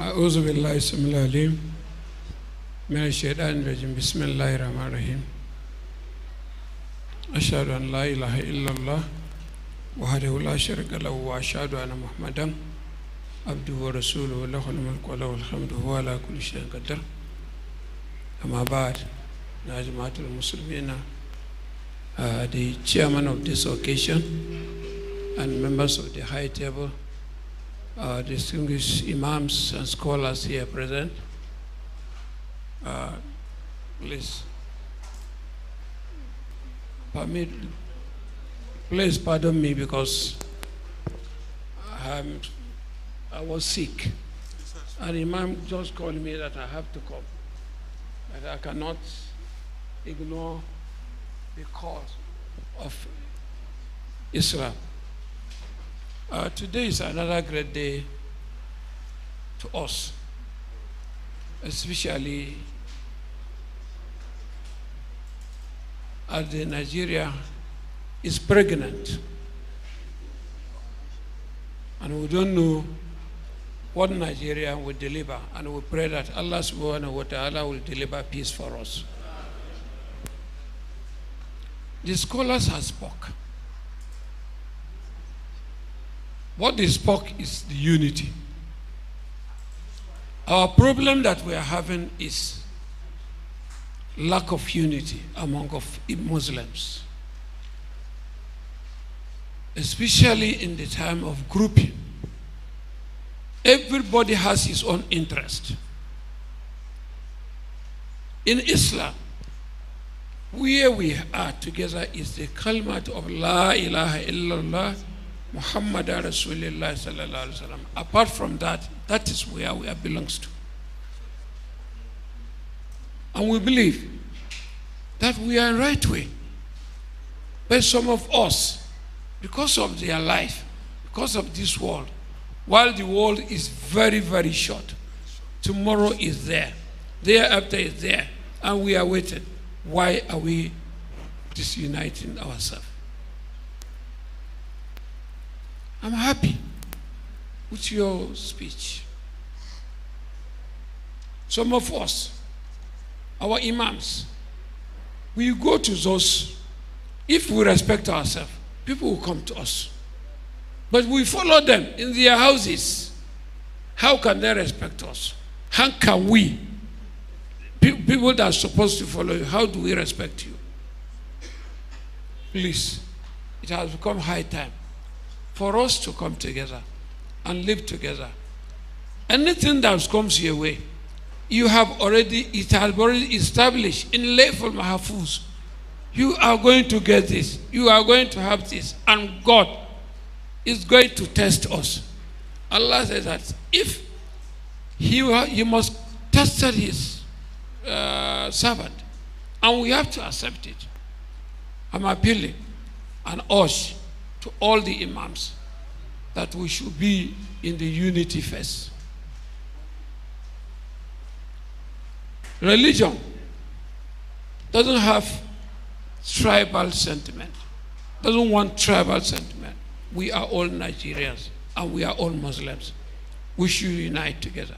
أعوذ بالله السميع العليم من الشيطان الرجيم بسم الله الرحمن الرحيم أشهد أن لا إله إلا الله وحده لا شريك له وأشهد أن محمدا عبده ورسوله له الملك وله الحمد هو على كل شيء قدر أما بعد يا جماعة المسلمين Uh, the chairman of this occasion, and members of the High Table, uh, distinguished imams and scholars here present. Uh, please permit, please pardon me because I'm, I was sick. And Imam just called me that I have to come, that I cannot ignore the cause of Islam. Uh, today is another great day to us, especially as the Nigeria is pregnant. And we don't know what Nigeria will deliver. And we pray that Allah subhanahu wa ta'ala will deliver peace for us. The scholars have spoken. What they spoke is the unity. Our problem that we are having is lack of unity among of Muslims, especially in the time of grouping. Everybody has his own interest. In Islam, where we are together is the kalimat of La ilaha illallah Muhammad Rasulullah sallallahu alaihi wasallam. Apart from that, that is where we are belongs to. And we believe that we are right way. But some of us, because of their life, because of this world, while the world is very, very short, tomorrow is there, after is there, and we are waiting. Why are we disuniting ourselves? I'm happy with your speech. Some of us, our imams, we go to those, if we respect ourselves, people will come to us. But we follow them in their houses. How can they respect us? How can we, people that are supposed to follow you, how do we respect you? Please, it has become high time for us to come together and live together. Anything that comes your way, you have already, it has already established in Leiful Mahafuz. You are going to get this. You are going to have this. And God is going to test us. Allah says that if he, he must test his uh, servant, and we have to accept it. I'm appealing and urge to all the Imams that we should be in the unity first. Religion doesn't have tribal sentiment, doesn't want tribal sentiment. We are all Nigerians and we are all Muslims. We should unite together.